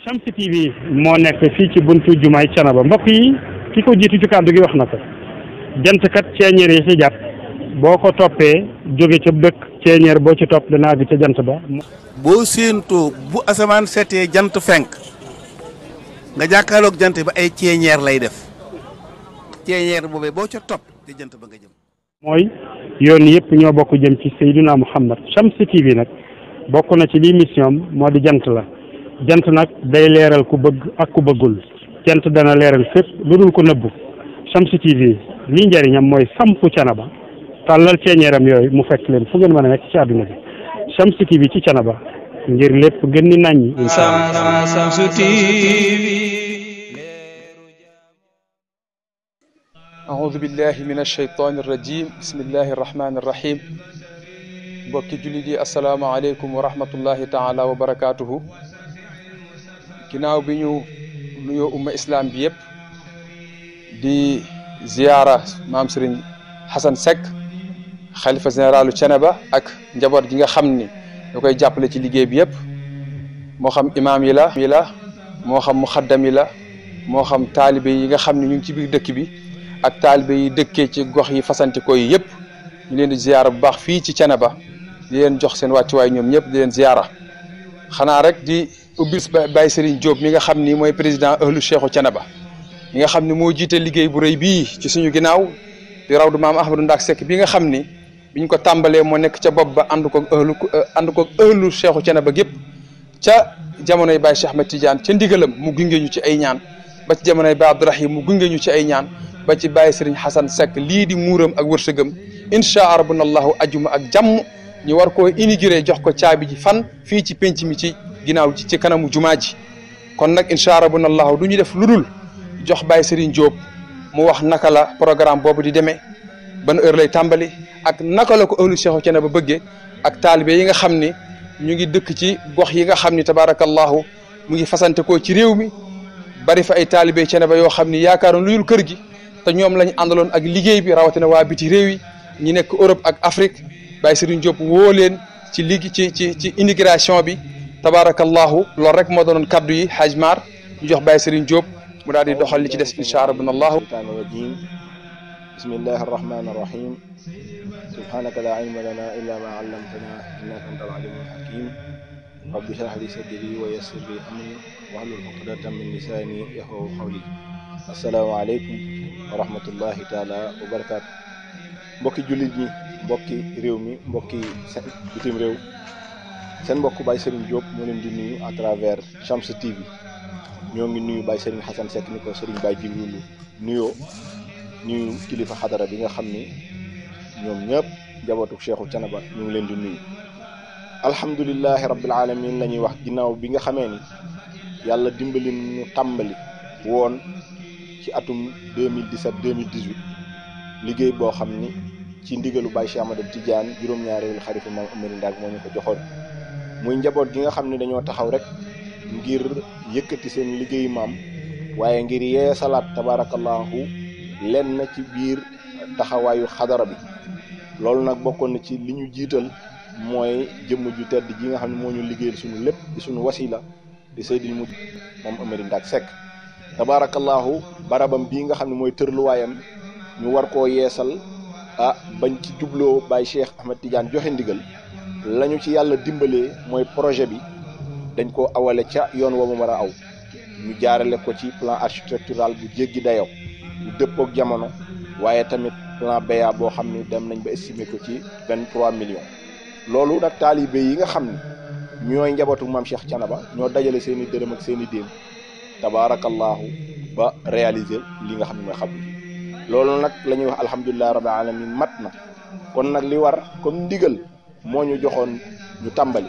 Shamsi bi moo nekk fii ci buntu jumaay Canaba mbokk yi ki ko jiitu ci kàddu gi wax na ko jantkat ceeñeer yi ci jàpp boo ko toppee jóge ca bëkk ceeñeer boo ci topp dana àgg ca jant ba boo séentoo bu asamaan seetee jant fenk nga jàkkaarloog jant ba ay ceeñeer lay def ceeñeer boobee boo ca topp te jant ba nga jëm mooy yoon yëpp ñoo bokk jëm ci Seydina Muhammad Shamsi bi nag bokk na ci li mission moo di jant la jant nag day leeral ku bëgg ak ku bëggul jant dana leeral fépp lu dul ko nëbbu Shamsu TV lii njëriñam mooy sampu canaba tàllal ceeñeeram yooyu mu fekk leen fu ngeen ne a nekk ci àdduna bi Shamsu TV ci canaba ngir lépp gën ni naññ Shamsu TV aoudu billahi min alsheytani ginnaaw bi ñu nuyoo umma islam bi yëpp di ziyaara maam Serigne Hassan Seck xalifa généralu Ceneba ak njaboot gi nga xam ni da koy jàppale ci liggéey bi yëpp moo xam imaam yi la yi moo xam muxaddam yi la moo xam taalibe yi nga xam ne ñu ngi ci biir dëkk bi ak taalibe yi dëkkee ci gox yi fasante ko yi yëpp leen di ziyaara bu baax fii ci Ceneba di leen jox seen wàccuwaay ñoom ñëpp leen ziyaara xanaa rek di ubbil bay Serigne Diop mi nga xam ni mooy président ahlu Cheikhu Thiénaba mi nga xam ni moo jiite liggéey bu rëy bii ci suñu ginnaaw di raw maam Ahmadou Ndak Seck bi nga xam ni biñ ko tàmbalee moo nekk ca bopp ba ànd ko ahlu eh, ànd ko ahlu Cheikhu Thiénaba gépp ca jamonoy Baye Cheikh Ahmed Tidiane ca ndigalam mu gunge ci ay ñaan ba ci jamonoy Baye Abdourahim mu gunge ñu ci ay ñaan ba ci Baye Serigne Hassan Seck lii di muuram ak wërsëgam incha arbunallahu ajuma ak jàmm ñu war ko inaugurer jox ko caabi ji fan fii ci penc mi ci ginnaaw ci kanamu jumaa ji kon nag bu incha allah du ñu def lu dul jox Baye Serigne Diop mu wax naka la programme boobu di demee ban heure lay tàmbali ak naka la ko ëllu Cheikhou ba bëggee ak taalibe yi nga xam ni ñu ngi dëkk ci gox yi nga xam ni tabaarakallahu mu ngi fasante ci réew mi bari fa ay taalibe Thiénaba yoo xam ni yaakaaroon lu dul kër gi te ñoom lañ àndaloon ak liggéey bi rawatina waa biti réew yi ñi nekk Europe ak Afrique. Baye Serigne Diop woo leen ci ligi ci ci ci immigration bi tabarakallahu loolu rek moo doonoon kaddu yi Haj Mar ñu jox Baye Serigne Diop mu daal di doxal li ci des incha allah. bismillahi arrahmani irrahim subhanaka laa ilma lana illa ma allamtana innaka anta alalimul hakim rabbi shrah li sadri wa yassir li amri wahlul uqdatan min lisani yafqahu qawli assalaamu aleykum wa rahmatullahi taala wa barakatu mbokki jullit ñi mbokki réew mi mbokki seen bitim réew seen mbokk baay Serigne Diop moo leen di nuyu à travers Shams TV ñoo ngi nuyu Baye Serigne Xasan Seck ni ko Serigne Baye Jibrilu nuyoo nuyu kilifa xadara bi nga xam ni ñoom ñëpp njabootu Cheikhu Canaba ñu ngi leen di nuyu alhamdulilahi rabbil alamin la ñuy wax ginnaaw bi nga xamee ni yàlla dimbali ñu tàmbali woon ci atum 2017 2018 liggéey boo xam ni ci ndigalu Baye Cheikh Amadou Tidiane juróom-ñaareelu xarifu maam Amary Ndak moo ñu ko joxoon muy njaboot gi nga xam ne dañoo taxaw rek ngir yëkkati seen liggéey maam waaye ngir yeesalaat tabaarakallaahu lenn ci biir taxawaayu xadara bi loolu nag bokkoon na ci li ñu jiital mooy jëmm ju tedd ji nga xam ne moo ñu liggéeyal suñu lépp di suñu wasila di Seydi Mujj moom Amary Ndak Seck tabaarakallaahu barabam bii nga xam ne mooy tërluwaayam ñu war koo yeesal a bañ ci jubloo baay Cheikh Ahmed Tidiane joxe ndigal lañu ci yàlla dimbalee mooy projet bi dañ ko awale ca yoon wa mu war a aw ñu jaarale ko ci plan architectural bu jéggi dayoo bu dëppook jamono waaye tamit plan BA boo xam ni dem nañ ba estimer ko ci vingt trois millions loolu nag taalibe yi nga xam ni ñooy njabootu maam Cheikh Thiénaba ñoo dajale seen i dërëm ak seen i déen tabaarakallaahu ba réaliser li nga xam ne mooy xam loolu nag la ñuy wax alhamdulilah rabbil alamin mat na kon nag li war comme ndigal moo ñu joxoon ñu tàmbali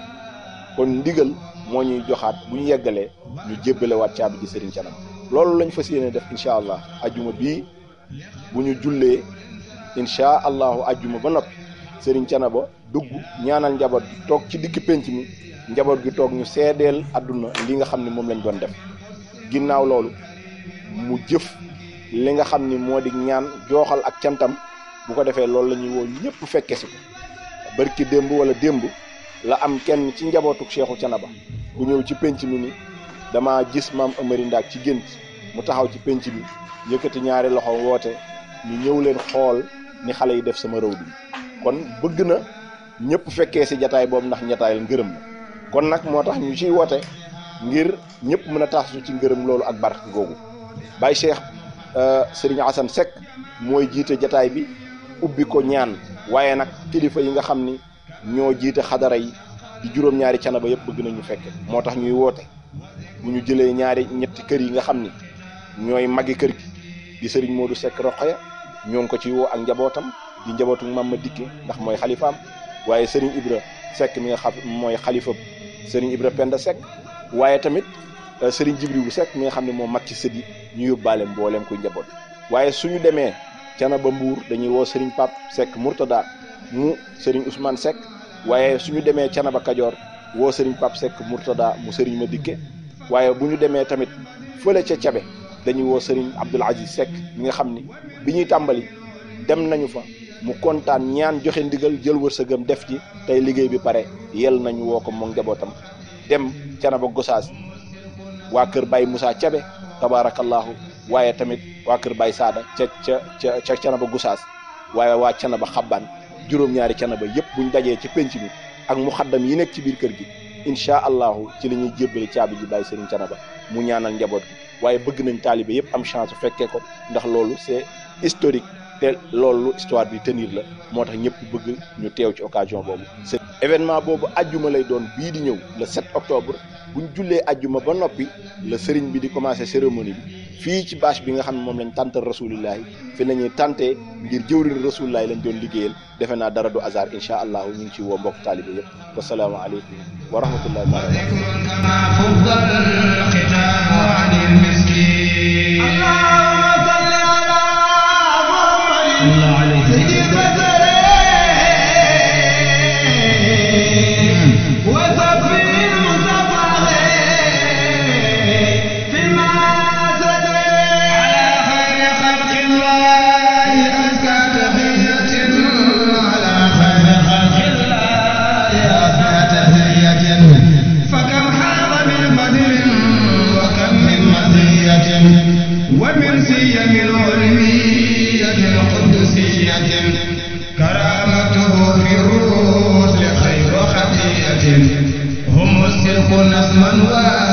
kon ndigal moo ñuy joxaat bu ñu yeggalee ñu jébbalewaat caabi ji sëriñ canam loolu lañu fas yéene def incha allah bii bu ñu jullee incha allahu ajjuma ba noppi sëriñ canaba dugg ñaanal njaboot gi toog ci digg pénc mi njaboot gi toog ñu seedeel àdduna li nga xam ne moom lañ doon def ginnaaw loolu mu jëf li nga xam ni moo di ñaan jooxal ak cantam bu ko defee loolu la ñuy woo ñëpp fekke si ko barki démb wala démb la am kenn ci njabootu Cheikhou ba bu ñëw ci penc mi ni dama gis maam Amary Ndaak ci gént mu taxaw ci penc mi yëkkati ñaari loxo woote ñu ñëw leen xool ni xale yi def sama rëw bi kon bëgg na ñëpp fekkee si jataay boobu ndax jataayal ngërëm la kon nag moo tax ñu ciy woote ngir ñëpp mën a taasu ci ngërëm loolu ak barke googu Baye Cheikh Euh, sëriñ Assane Seck mooy jiite jataay bi ubbi ko ñaan waaye nag kilifa yi nga xam ni ñoo jiite xadara yi di juróom-ñaari canaba yëpp bëgg nañu fekke moo tax ñuy woote bu ñu jëlee ñaari ñetti kër yi nga xam ni ñooy magi kër gi di sëriñ Modou Seck Rokhaya ñoo ngi ko ci woo ak njabootam di njabootu ma dikke ndax mooy xalifaam waaye sëriñ Ibra Seck mi nga mooy xalifa sëriñ Ibra Penda Seck waaye tamit Euh, Serigne Jibril Seck mi nga xam ne moo mag ci sët yi ñu yóbbaale mbooleem kuy njaboot waaye suñu demee ba Mbour dañuy woo Serigne Pape Seck Mourtada mu Serigne Ousmane Seck waaye suñu demee ba Kajoor woo Serigne Pape Seck Mourtada mu ma Madické waaye bu ñu demee tamit fële ca Thiabé dañuy woo Serigne Abdoul Aziz Seck mi nga xam ni bi ñuy tàmbali dem nañu fa mu kontaan ñaan joxe ndigal jël wërsëgam def ci tey liggéey bi pare yel nañu woo ko mo njabootam dem Thiénaba Gossas waa kër Baye Moussa Thiabe tabaarakallaahu waaye tamit waa kër bay Saada ca ca ca ca Canaba Gusaas waaye waa Canaba Xabbaan juróom-ñaari Canaba yëpp buñ dajee ci penc mi ak mu xaddam yi nekk ci biir kër gi incha allahu ci la ñuy jébbale caabi ji Baye Serigne Canaba mu ñaanal njaboot gi waaye bëgg nañ taalibe yëpp am chance fekkee ko ndax loolu c'est historique te loolu histoire bi tenir la moo tax ñëpp bëgg ñu teew ci occasion boobu. événement boobu ajjuma lay bii di ñëw le 7 octobre. bu buñ jullee ajjuma ba noppi la sëriñ bi di commencé cérémonie bi fii ci bâche bi nga xam ne moom lañ tàntal rasulillahi fi nañuy tàntee ngir jëwriñ rasulillahi lañ doon liggéeyal defe naa dara du hasard incha allahu ñu ngi ci woo mbokk taalibe yëpp wasalaamaaleykum wa rahmatullahi taala كرامته في عروس لخير خطيئة هم السلك نسما واحدا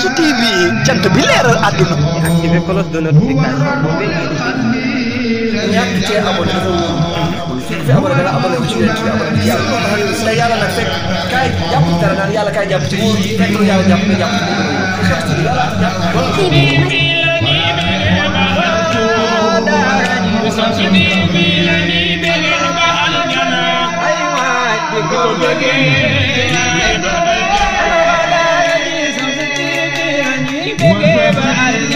Kossy TV cant bi leeral àdduna. activé cloche de notification boobu ñàkk cee abonné dafa wóor. su abonné da nga abonné ko ci yéen ci abonné ci dara ci lu ci ci everybody